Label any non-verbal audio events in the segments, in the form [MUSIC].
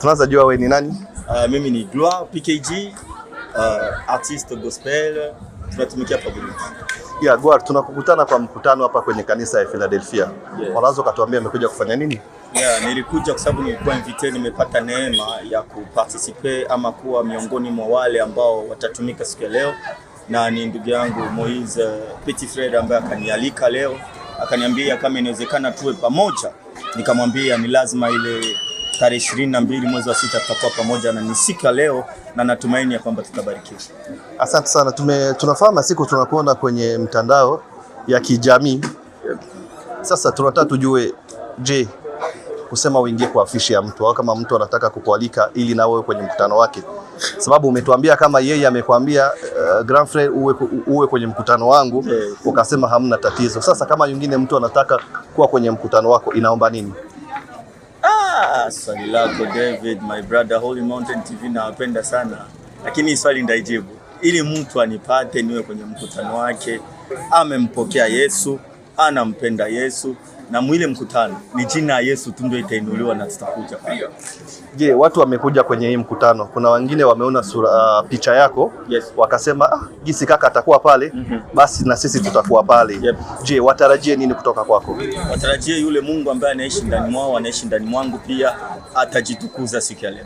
tunaanza jua wewe ni nani? Uh, mimi ni Gloire PKG, uh, ah, artist gospel tunatumikia pamoja. Yeah, Gloire, tunakukutana kwa mkutano hapa kwenye kanisa ya Philadelphia. Yeah. Unaweza ukatuambia umekuja kufanya nini? Yeah, nilikuja kwa sababu nilikuwa invite, nimepata neema ya kuparticipate ama kuwa miongoni mwa wale ambao watatumika siku ya leo, na ni ndugu yangu Moise eh, Petit Fred ambaye akanialika leo, akaniambia kama inawezekana tuwe pamoja, nikamwambia ni lazima ile tarehe ishirini na mbili mwezi wa sita tutakuwa pamoja na nisika leo, na natumaini ya kwamba tutabarikiwa. Asante sana. Tume, tunafahamu siku tunakuona kwenye mtandao ya kijamii. Sasa tunataka tujue, je, kusema uingie kwa afishi ya mtu au kama mtu anataka kukualika ili na wewe kwenye mkutano wake, sababu umetuambia kama yeye amekwambia uh, eh, grand uwe, uwe kwenye mkutano wangu, eh. ukasema hamna tatizo. Sasa kama yingine mtu anataka kuwa kwenye mkutano wako inaomba nini? swali lako David, my brother, Holy Mountain TV nawapenda sana, lakini swali ndaijibu ili mtu anipate niwe kwenye mkutano wake. Amempokea Yesu anampenda Yesu na mwile mkutano ni jina ya Yesu tu ndio itainuliwa na tutakuja pale. Je, watu wamekuja kwenye hii mkutano, kuna wengine wameona sura, uh, picha yako yes. Wakasema ah, Gisi kaka atakuwa pale mm -hmm. Basi na sisi tutakuwa pale yep. Je, watarajie nini kutoka kwako? Watarajie yule Mungu ambaye anaishi ndani mwao, anaishi ndani mwangu pia, atajitukuza siku ya leo.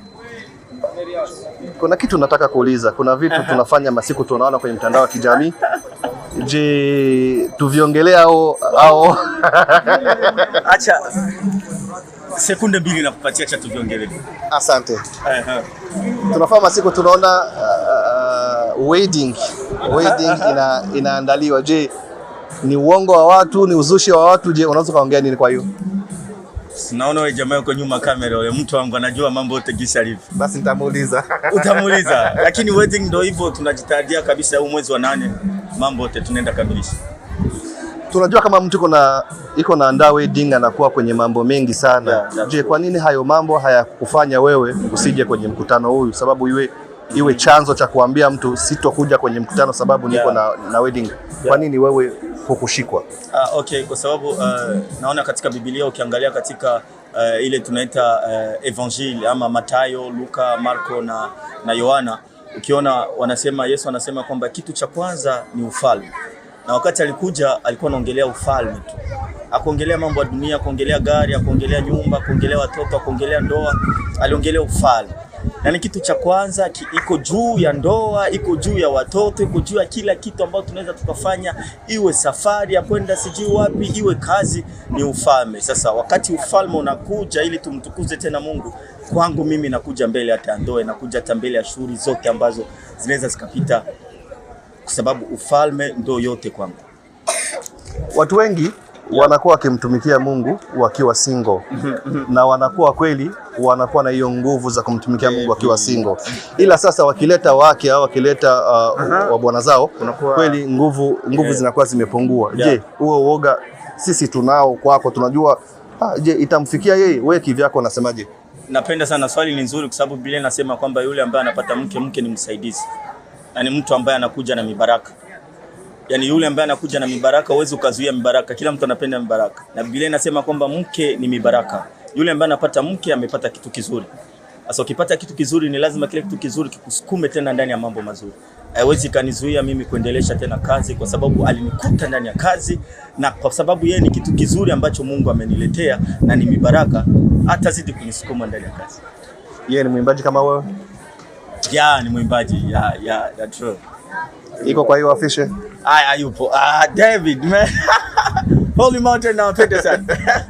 Kuna kitu nataka kuuliza. Kuna vitu tunafanya masiku tunaona kwenye mtandao wa kijamii. Je, tuviongelea au au [LAUGHS] acha sekunde mbili kupatia, cha tuviongelee. Asante. Tunafanya masiku tunaona uh, uh wedding wedding [LAUGHS] ina, inaandaliwa. Je, ni uongo wa watu? Ni uzushi wa watu? Je, unaweza kaongea nini kwa hiyo? Naona wewe jamaa uko nyuma kamera, wewe mtu wangu anajua mambo yote kisha livi. Basi nitamuuliza. [LAUGHS] Utamuuliza. Lakini wedding ndio hivyo, tunajitayaria kabisa huu mwezi wa nane, mambo yote tunaenda kamilisha. Tunajua kama mtu iko na iko na andaa wedding anakuwa kwenye mambo mengi sana. Je, kwa nini hayo mambo hayakufanya wewe usije kwenye mkutano huu? Sababu iwe iwe chanzo cha kuambia mtu sitokuja kwenye mkutano sababu niko yeah. na, na wedding yeah. Kwa nini wewe hukushikwa? Uh, okay, kwa sababu uh, naona katika Biblia ukiangalia katika uh, ile tunaita uh, evangeli ama matayo Luka, Marko na, na Yohana ukiona wanasema Yesu anasema kwamba kitu cha kwanza ni ufalme, na wakati alikuja alikuwa anaongelea ufalme tu, akuongelea mambo ya dunia, akuongelea gari, akuongelea nyumba, akuongelea watoto, akuongelea ndoa, aliongelea ufalme ni kitu cha kwanza ki, iko juu ya ndoa, iko juu ya watoto, iko juu ya kila kitu ambacho tunaweza tukafanya, iwe safari ya kwenda sijui wapi, iwe kazi, ni ufalme. Sasa wakati ufalme unakuja ili tumtukuze tena Mungu, kwangu mimi nakuja mbele hata ya ndoa, nakuja hata mbele ya shughuli zote ambazo zinaweza zikapita, kwa sababu ufalme ndo yote kwangu. Watu wengi wanakuwa wakimtumikia Mungu wakiwa single [LAUGHS] na wanakuwa kweli wanakuwa na hiyo nguvu za kumtumikia Mungu akiwa mm-hmm. single, ila sasa wakileta wake au wakileta uh, wabwana zao kweli nguvu nguvu zinakuwa zimepungua. Yeah. Je, huo uoga sisi tunao kwako, tunajua ah, je itamfikia yeye? Wewe kivyako unasemaje? Napenda sana swali, ni nzuri kwa sababu Biblia inasema kwamba yule ambaye anapata mke, mke ni msaidizi na ni mtu ambaye anakuja na mibaraka Yaani yule ambaye anakuja na mibaraka, huwezi ukazuia mibaraka. Kila mtu anapenda mibaraka, na Biblia inasema kwamba mke ni mibaraka. Yule ambaye anapata mke amepata kitu kizuri. Sasa ukipata kitu kizuri, ni lazima kile kitu kizuri kikusukume tena ndani ya mambo mazuri. Haiwezi kanizuia mimi kuendelesha tena kazi, kwa sababu alinikuta ndani ya kazi, na kwa sababu yeye ni kitu kizuri ambacho Mungu ameniletea na ni mibaraka, atazidi kunisukuma ndani ya kazi. Yeye ni mwimbaji kama wewe? Ya, ni mwimbaji ya, ya, ya, true. Iko kwa hiyo afishe? Aya, yupo. Ah, David man. [LAUGHS] Holy Mountain nawapenda sana [LAUGHS]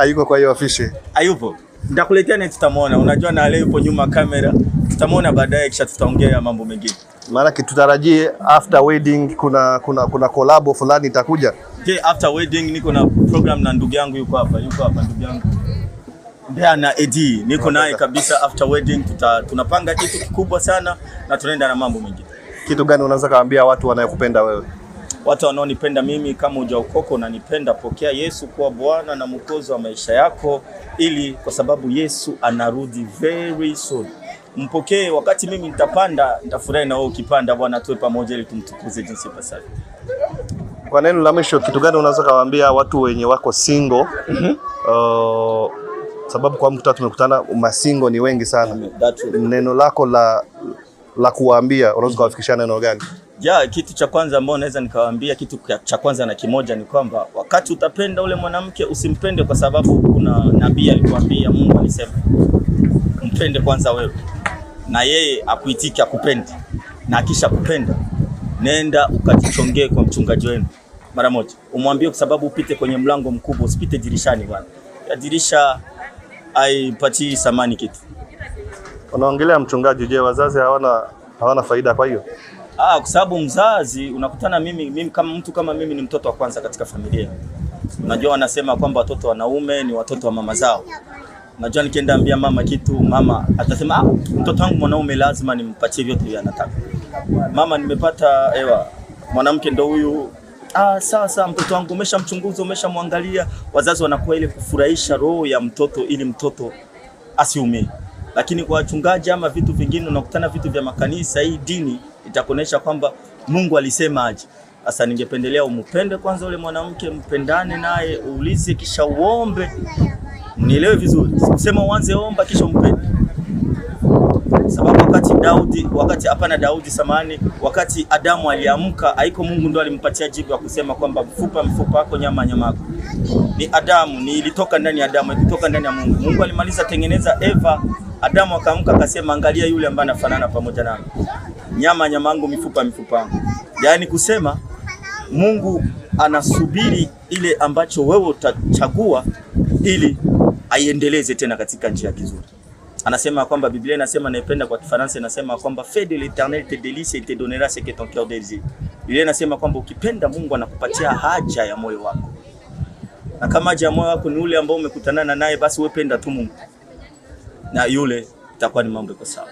hayuko kwa hiyo ofisi, hayupo. Nitakuletea ni tutamwona Unajua na leo yupo nyuma kamera, tutamwona baadaye, kisha tutaongea mambo mengine. Maana tutarajie after wedding kuna kuna kuna kolabo fulani itakuja. Okay, after wedding niko na program na ndugu yangu yuko hapa, yuko hapa ndugu yangu Ndea na Edi niko naye kabisa. After wedding tuta, tunapanga kitu kikubwa sana na tunaenda na mambo mengine. Kitu gani unaweza kaambia watu wanayokupenda wewe? watu wanaonipenda mimi, kama hujaokoka unanipenda, pokea Yesu kuwa Bwana na Mwokozi wa maisha yako, ili kwa sababu Yesu anarudi very soon. Mpokee. Wakati mimi nitapanda, nitafurahi na wewe ukipanda. Bwana tuwe pamoja, ili tumtukuze jinsi ipasavyo. Kwa neno la mwisho, kitu gani unaweza kawaambia watu wenye wako single? mm -hmm. uh, sababu kwa mkutano tumekutana masingo ni wengi sana. Neno lako la, la kuwaambia unaweza kuwafikishia neno gani? Ya, kitu cha kwanza ambao naweza nikawaambia kitu cha kwanza na kimoja ni kwamba wakati utapenda ule mwanamke usimpende kwa sababu kuna nabii alikwambia Mungu alisema mpende kwanza wewe, na yeye akuitike akupende, na akisha kupenda nenda ukajichongee kwa mchungaji wenu mara moja, umwambie, kwa sababu upite kwenye mlango mkubwa, usipite dirishani bwana. Ya dirisha haipatii samani kitu. Unaongelea mchungaji. Je, wazazi hawana hawana faida? Kwa hiyo Ah, kwa sababu mzazi unakutana mimi, mimi kama mtu kama mimi ni mtoto wa kwanza katika familia. Unajua wanasema kwamba watoto wanaume ni watoto wa mama zao. Unajua nikienda ambia mama kitu, mama atasema ah, mtoto wangu mwanaume lazima nimpatie vyote anataka. Mama, nimepata ewa mwanamke ndo huyu Ah, sawa, mtoto wangu umeshamchunguza, umeshamwangalia. Wazazi wanakuwa ile kufurahisha roho ya mtoto ili mtoto asiumie, lakini kwa wachungaji ama vitu vingine unakutana vitu vya makanisa, hii dini itakuonesha kwamba Mungu alisema aje. Sasa ningependelea umpende kwanza ule mwanamke, mpendane naye, uulize kisha uombe. Nielewe vizuri, sema uanze omba kisha umpende, sababu wakati Daudi, wakati hapana Daudi samani, wakati Adamu aliamka, haiko Mungu ndo alimpatia jibu ya kusema kwamba mfupa mfupa wako, nyama nyama yako. Ni Adamu, ni ilitoka ndani ya Adamu, ilitoka ndani ya Mungu. Mungu alimaliza tengeneza Eva, Adamu akaamka akasema, angalia yule ambaye anafanana pamoja nami nyama nyama yangu, mifupa mifupa yangu. Yaani kusema Mungu anasubiri ile ambacho wewe utachagua ili aiendeleze tena katika njia kizuri. Anasema kwamba Biblia inasema naipenda kwa Kifaransa inasema kwamba fais de l'Éternel tes délices et te donnera ce que ton cœur désire. Biblia inasema kwamba ukipenda Mungu anakupatia haja ya moyo wako. Na kama haja ya moyo wako ni ule ambao umekutana naye, basi wewe penda tu Mungu. Na yule itakuwa ni mambo yako sawa.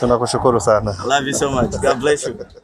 Tunakushukuru sana. Love you so much. God bless you.